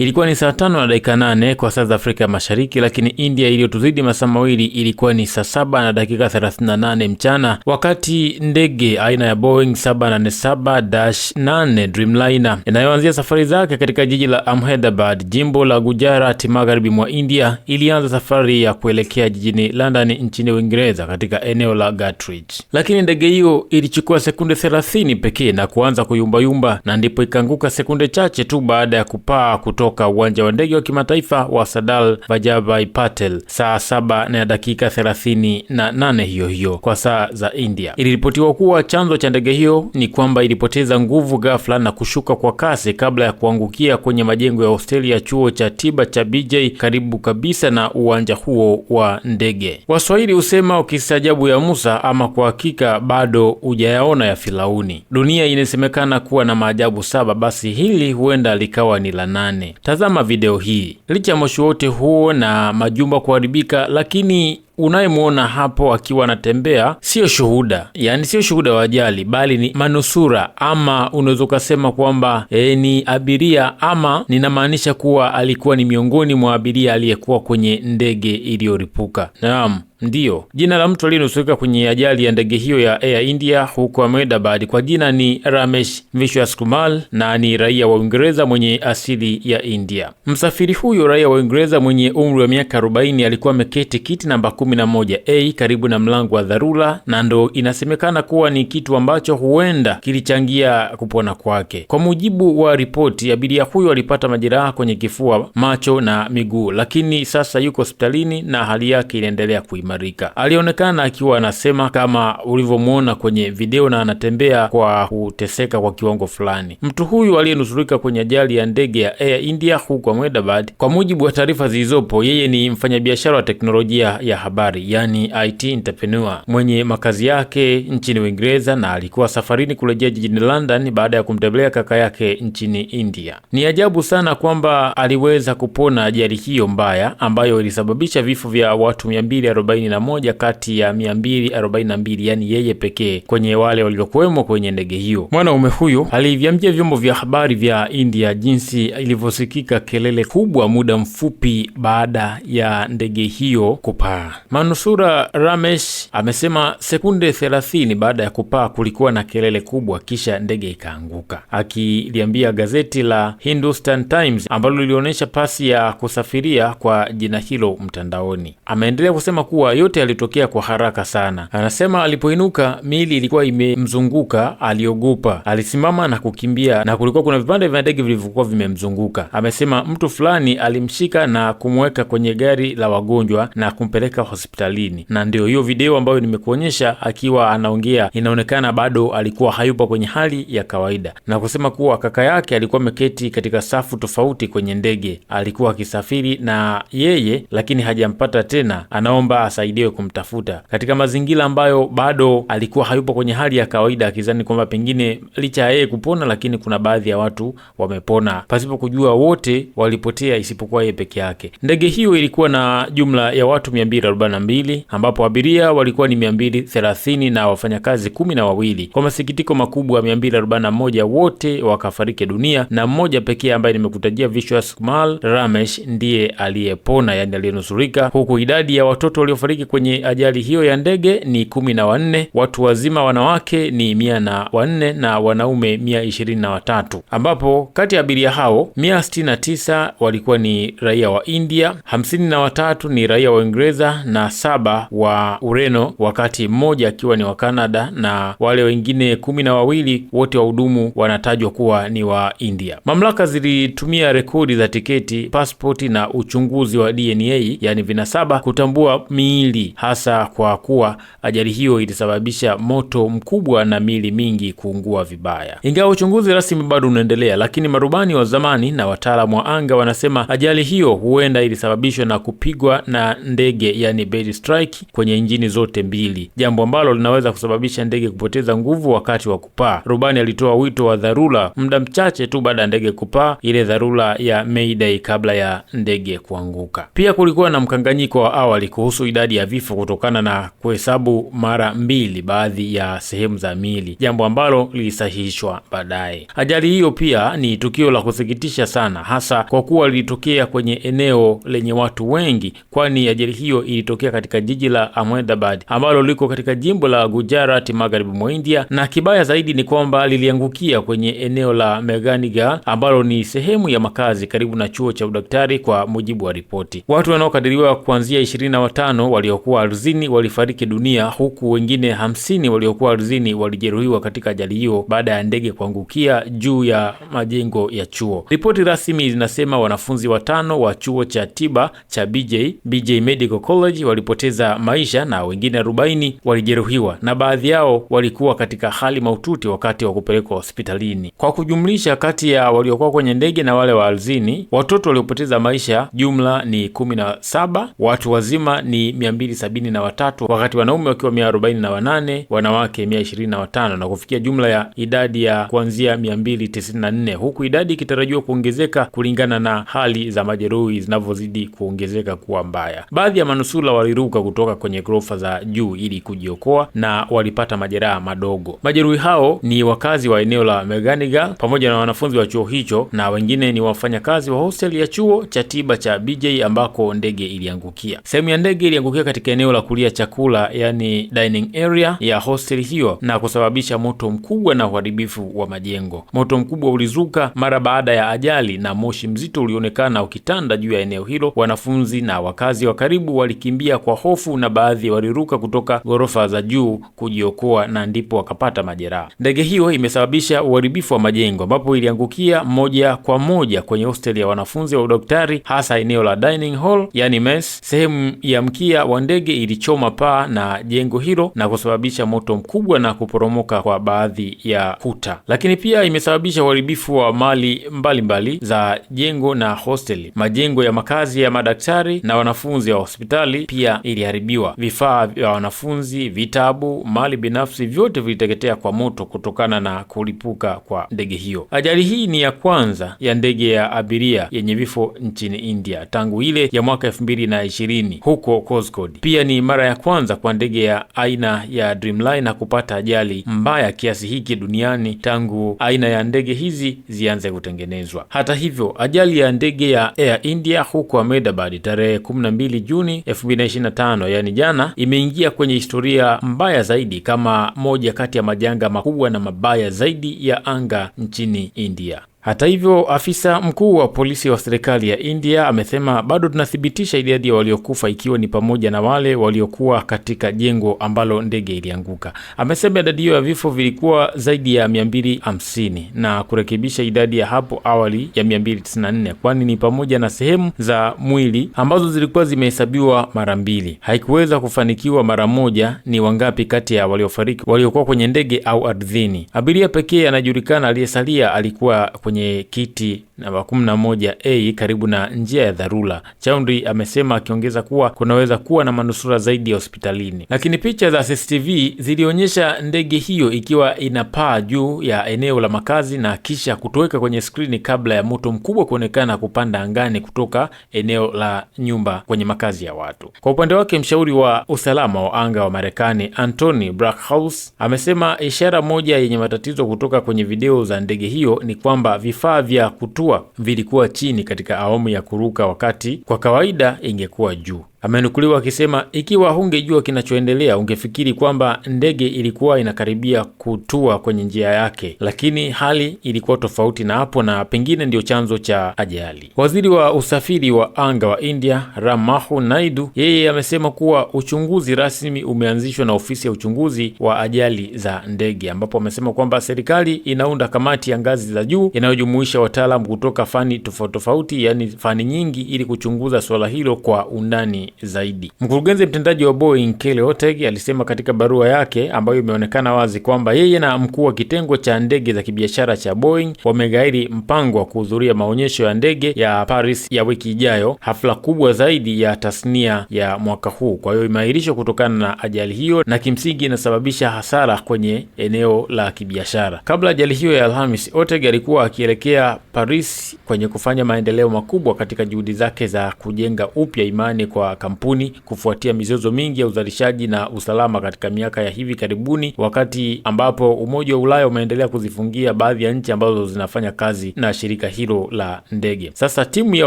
Ilikuwa ni saa tano na dakika nane kwa saa za Afrika Mashariki, lakini India iliyotuzidi masaa mawili ilikuwa ni saa saba na dakika 38 mchana, wakati ndege aina ya Boeing 787-8 Dreamliner inayoanzia safari zake katika jiji la amhedabad jimbo la Gujarat, magharibi mwa India, ilianza safari ya kuelekea jijini London nchini Uingereza, katika eneo la gatridge Lakini ndege hiyo ilichukua sekunde 30 pekee na kuanza kuyumbayumba, na ndipo ikaanguka sekunde chache tu baada ya kupaa kutoka kutoka uwanja wa ndege wa kimataifa wa Sadal Vajabhai Patel saa saba na dakika thelathini na nane hiyo hiyo kwa saa za India. Iliripotiwa kuwa chanzo cha ndege hiyo ni kwamba ilipoteza nguvu ghafla na kushuka kwa kasi kabla ya kuangukia kwenye majengo ya hosteli ya chuo cha tiba cha BJ karibu kabisa na uwanja huo wa ndege. Waswahili husema ukistaajabu ya Musa, ama kwa hakika bado hujayaona ya Firauni. Dunia inasemekana kuwa na maajabu saba, basi hili huenda likawa ni la nane. Tazama video hii. Licha ya moshi wote huo na majumba kuharibika, lakini unayemwona hapo akiwa anatembea siyo shuhuda, yaani siyo shuhuda wa ajali, bali ni manusura, ama unaweza ukasema kwamba e, ni abiria, ama ninamaanisha kuwa alikuwa ni miongoni mwa abiria aliyekuwa kwenye ndege iliyoripuka. Naam. Ndiyo, jina la mtu aliyenusurika kwenye ajali ya ndege hiyo ya Air India huko Ahmedabad kwa jina ni Ramesh Vishwaskumal na ni raia wa Uingereza mwenye asili ya India. Msafiri huyo raia wa Uingereza mwenye umri wa miaka 40 alikuwa ameketi kiti namba 11A karibu na mlango wa dharura, na ndo inasemekana kuwa ni kitu ambacho huenda kilichangia kupona kwake. Kwa mujibu wa ripoti, abiria huyo alipata majeraha kwenye kifua, macho na miguu, lakini sasa yuko hospitalini na hali yake inaendelea kuimarika kuimarika. Alionekana akiwa anasema kama ulivyomwona kwenye video, na anatembea kwa kuteseka kwa kiwango fulani. Mtu huyu aliyenusurika kwenye ajali ya ndege ya Air India huko Ahmedabad, kwa mujibu wa taarifa zilizopo, yeye ni mfanyabiashara wa teknolojia ya habari, yani IT entrepreneur mwenye makazi yake nchini Uingereza, na alikuwa safarini kurejea jijini London baada ya kumtembelea kaka yake nchini India. Ni ajabu sana kwamba aliweza kupona ajali hiyo mbaya ambayo ilisababisha vifo vya watu 240 41 kati ya 242, yani yeye pekee kwenye wale waliokuwemo kwenye ndege hiyo. Mwanaume huyo aliviambia vyombo vya habari vya India jinsi ilivyosikika kelele kubwa muda mfupi baada ya ndege hiyo kupaa. Manusura Ramesh amesema sekunde 30 baada ya kupaa kulikuwa na kelele kubwa, kisha ndege ikaanguka, akiliambia gazeti la Hindustan Times ambalo lilionyesha pasi ya kusafiria kwa jina hilo mtandaoni. Ameendelea kusema kuwa kuwa yote yalitokea kwa haraka sana. Anasema alipoinuka miili ilikuwa imemzunguka, aliogopa, alisimama na kukimbia, na kulikuwa kuna vipande vya ndege vilivyokuwa vimemzunguka. Amesema mtu fulani alimshika na kumweka kwenye gari la wagonjwa na kumpeleka hospitalini, na ndio hiyo video ambayo nimekuonyesha akiwa anaongea, inaonekana bado alikuwa hayupo kwenye hali ya kawaida, na kusema kuwa kaka yake alikuwa ameketi katika safu tofauti kwenye ndege, alikuwa akisafiri na yeye, lakini hajampata tena, anaomba asaidiwe kumtafuta katika mazingira ambayo bado alikuwa hayupo kwenye hali ya kawaida, akizani kwamba pengine licha ya yeye kupona, lakini kuna baadhi ya watu wamepona pasipo kujua wote walipotea isipokuwa yeye peke yake. Ndege hiyo ilikuwa na jumla ya watu 242 ambapo abiria walikuwa ni 230 na wafanyakazi kumi na wawili. Kwa masikitiko makubwa 241 wote wakafariki dunia na mmoja pekee ambaye nimekutajia Vishwas Kumar Ramesh ndiye aliyepona, yani aliyenusurika, huku idadi ya watoto waliofariki waliofariki kwenye ajali hiyo ya ndege ni kumi na wanne, watu wazima wanawake ni mia na wanne na wanaume mia ishirini na watatu, ambapo kati ya abiria hao mia sitini na tisa walikuwa ni raia wa India, hamsini na watatu ni raia wa Uingereza na saba wa Ureno, wakati mmoja akiwa ni wa Kanada na wale wengine kumi na wawili wote wahudumu wanatajwa kuwa ni wa India. Mamlaka zilitumia rekodi za tiketi, pasipoti na uchunguzi wa DNA, yani vinasaba kutambua mi miili, hasa kwa kuwa ajali hiyo ilisababisha moto mkubwa na miili mingi kuungua vibaya. Ingawa uchunguzi rasmi bado unaendelea, lakini marubani wa zamani na wataalamu wa anga wanasema ajali hiyo huenda ilisababishwa na kupigwa na ndege, yani bird strike, kwenye injini zote mbili, jambo ambalo linaweza kusababisha ndege kupoteza nguvu wakati wa kupaa. Rubani alitoa wito wa dharura muda mchache tu baada ya ndege kupaa, ile dharura ya Mayday kabla ya ndege kuanguka. Pia kulikuwa na mkanganyiko wa awali kuhusu idadi idadi ya vifo kutokana na kuhesabu mara mbili baadhi ya sehemu za miili, jambo ambalo lilisahihishwa baadaye. Ajali hiyo pia ni tukio la kusikitisha sana, hasa kwa kuwa lilitokea kwenye eneo lenye watu wengi, kwani ajali hiyo ilitokea katika jiji la Ahmedabad ambalo liko katika jimbo la Gujarat, magharibi mwa India, na kibaya zaidi ni kwamba liliangukia kwenye eneo la Meganiga ambalo ni sehemu ya makazi karibu na chuo cha udaktari, kwa mujibu wa ripoti. Watu wanaokadiriwa kuanzia ishirini na watano waliokuwa ardhini walifariki dunia huku wengine hamsini waliokuwa ardhini walijeruhiwa katika ajali hiyo baada ya ndege kuangukia juu ya majengo ya chuo. Ripoti rasmi zinasema wanafunzi watano wa chuo cha tiba cha BJ, BJ Medical College walipoteza maisha na wengine arobaini walijeruhiwa na baadhi yao walikuwa katika hali mahututi wakati wa kupelekwa hospitalini. Kwa kujumlisha, kati ya waliokuwa kwenye ndege na wale wa ardhini, watoto waliopoteza maisha jumla ni kumi na saba, watu wazima ni 273 wakati wanaume wakiwa 148, wanawake 125 na kufikia jumla ya idadi ya kuanzia 294, huku idadi ikitarajiwa kuongezeka kulingana na hali za majeruhi zinavyozidi kuongezeka kuwa mbaya. Baadhi ya manusula waliruka kutoka kwenye ghorofa za juu ili kujiokoa na walipata majeraha madogo. Majeruhi hao ni wakazi wa eneo la Meganigal pamoja na wanafunzi wa chuo hicho na wengine ni wafanyakazi wa hosteli ya chuo cha tiba cha BJ ambako ndege iliangukia. Sehemu ya ndege iliangukia iliangukia katika eneo la kulia chakula, yani dining area ya hostel hiyo na kusababisha moto mkubwa na uharibifu wa majengo. Moto mkubwa ulizuka mara baada ya ajali na moshi mzito ulionekana ukitanda juu ya eneo hilo. Wanafunzi na wakazi wa karibu walikimbia kwa hofu na baadhi waliruka kutoka ghorofa za juu kujiokoa na ndipo wakapata majeraha. Ndege hiyo imesababisha uharibifu wa majengo ambapo iliangukia moja kwa moja kwenye hosteli ya wanafunzi wa udaktari, hasa eneo la dining hall, yani mess, sehemu ya mkia wa ndege ilichoma paa na jengo hilo na kusababisha moto mkubwa na kuporomoka kwa baadhi ya kuta, lakini pia imesababisha uharibifu wa mali mbalimbali mbali za jengo na hosteli, majengo ya makazi ya madaktari na wanafunzi wa hospitali pia iliharibiwa. Vifaa vya wanafunzi, vitabu, mali binafsi, vyote viliteketea kwa moto kutokana na kulipuka kwa ndege hiyo. Ajali hii ni ya kwanza ya ndege ya abiria yenye vifo nchini India tangu ile ya mwaka elfu mbili na ishirini huko Rose Pia ni mara ya kwanza kwa ndege ya aina ya Dreamliner kupata ajali mbaya kiasi hiki duniani tangu aina ya ndege hizi zianze kutengenezwa. Hata hivyo, ajali ya ndege ya Air India huko Ahmedabad tarehe 12 Juni 2025, yani jana, imeingia kwenye historia mbaya zaidi kama moja kati ya majanga makubwa na mabaya zaidi ya anga nchini India. Hata hivyo, afisa mkuu wa polisi wa serikali ya India amesema bado tunathibitisha idadi ya waliokufa ikiwa ni pamoja na wale waliokuwa katika jengo ambalo ndege ilianguka. Amesema idadi hiyo ya vifo vilikuwa zaidi ya 250 na kurekebisha idadi ya hapo awali ya 294 kwani ni pamoja na sehemu za mwili ambazo zilikuwa zimehesabiwa mara mbili. Haikuweza kufanikiwa mara moja ni wangapi kati ya waliofariki waliokuwa kwenye ndege au ardhini. Abiria pekee anajulikana aliyesalia alikuwa kwenye kiti namba 11A karibu na njia ya dharura, chaundi amesema, akiongeza kuwa kunaweza kuwa na manusura zaidi ya hospitalini. Lakini picha za CCTV zilionyesha ndege hiyo ikiwa inapaa juu ya eneo la makazi na kisha kutoweka kwenye skrini kabla ya moto mkubwa kuonekana kupanda angani kutoka eneo la nyumba kwenye makazi ya watu. Kwa upande wake, mshauri wa usalama wa anga wa Marekani Anthony Blackhouse amesema ishara moja yenye matatizo kutoka kwenye video za ndege hiyo ni kwamba vifaa vya kutua vilikuwa chini katika awamu ya kuruka, wakati kwa kawaida ingekuwa juu. Amenukuliwa akisema ikiwa hungejua kinachoendelea ungefikiri kwamba ndege ilikuwa inakaribia kutua kwenye njia yake, lakini hali ilikuwa tofauti na hapo, na pengine ndiyo chanzo cha ajali. Waziri wa usafiri wa anga wa India Ramahu Naidu yeye amesema kuwa uchunguzi rasmi umeanzishwa na ofisi ya uchunguzi wa ajali za ndege, ambapo amesema kwamba serikali inaunda kamati ya ngazi za juu inayojumuisha wataalamu kutoka fani tofauti tofauti, yaani fani nyingi, ili kuchunguza suala hilo kwa undani zaidi. Mkurugenzi mtendaji wa Boeing Kelly Oteg alisema katika barua yake ambayo imeonekana wazi kwamba yeye na mkuu wa kitengo cha ndege za kibiashara cha Boeing wamegairi mpango wa kuhudhuria maonyesho ya ndege ya Paris ya wiki ijayo, hafla kubwa zaidi ya tasnia ya mwaka huu. Kwa hiyo imeahirishwa kutokana na ajali hiyo, na kimsingi inasababisha hasara kwenye eneo la kibiashara. Kabla ajali hiyo ya Alhamis, Oteg alikuwa akielekea Paris kwenye kufanya maendeleo makubwa katika juhudi zake za kujenga upya imani kwa kampuni kufuatia mizozo mingi ya uzalishaji na usalama katika miaka ya hivi karibuni, wakati ambapo Umoja wa Ulaya umeendelea kuzifungia baadhi ya nchi ambazo zinafanya kazi na shirika hilo la ndege. Sasa timu ya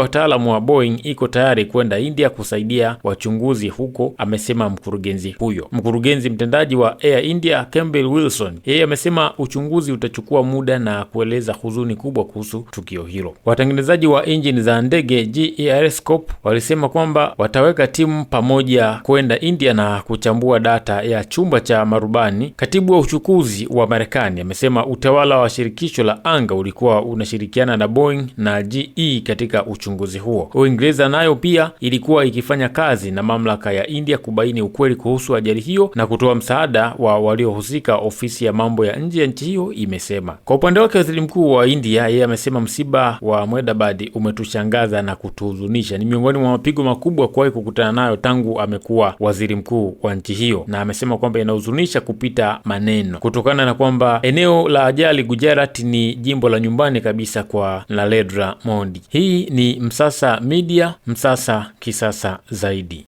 wataalamu wa Boeing iko tayari kwenda India kusaidia wachunguzi huko, amesema mkurugenzi huyo. Mkurugenzi mtendaji wa Air India Campbell Wilson, yeye amesema uchunguzi utachukua muda na kueleza huzuni kubwa kuhusu tukio hilo. Watengenezaji wa injini za ndege GERSCOP walisema kwamba wataweka kupeleka timu pamoja kwenda India na kuchambua data ya chumba cha marubani, katibu wa uchukuzi wa Marekani amesema utawala wa shirikisho la anga ulikuwa unashirikiana na Boeing na GE katika uchunguzi huo. Uingereza nayo pia ilikuwa ikifanya kazi na mamlaka ya India kubaini ukweli kuhusu ajali hiyo na kutoa msaada wa waliohusika, ofisi ya mambo ya nje ya nchi hiyo imesema. Kwa upande wake, waziri mkuu wa India yeye amesema msiba wa Mwedabadi umetushangaza na kutuhuzunisha, ni miongoni mwa mapigo makubwa kuwahi kukuta amekutana nayo tangu amekuwa waziri mkuu wa nchi hiyo, na amesema kwamba inahuzunisha kupita maneno kutokana na kwamba eneo la ajali Gujarat ni jimbo la nyumbani kabisa kwa Narendra Modi. Hii ni Msasa Media, Msasa kisasa zaidi.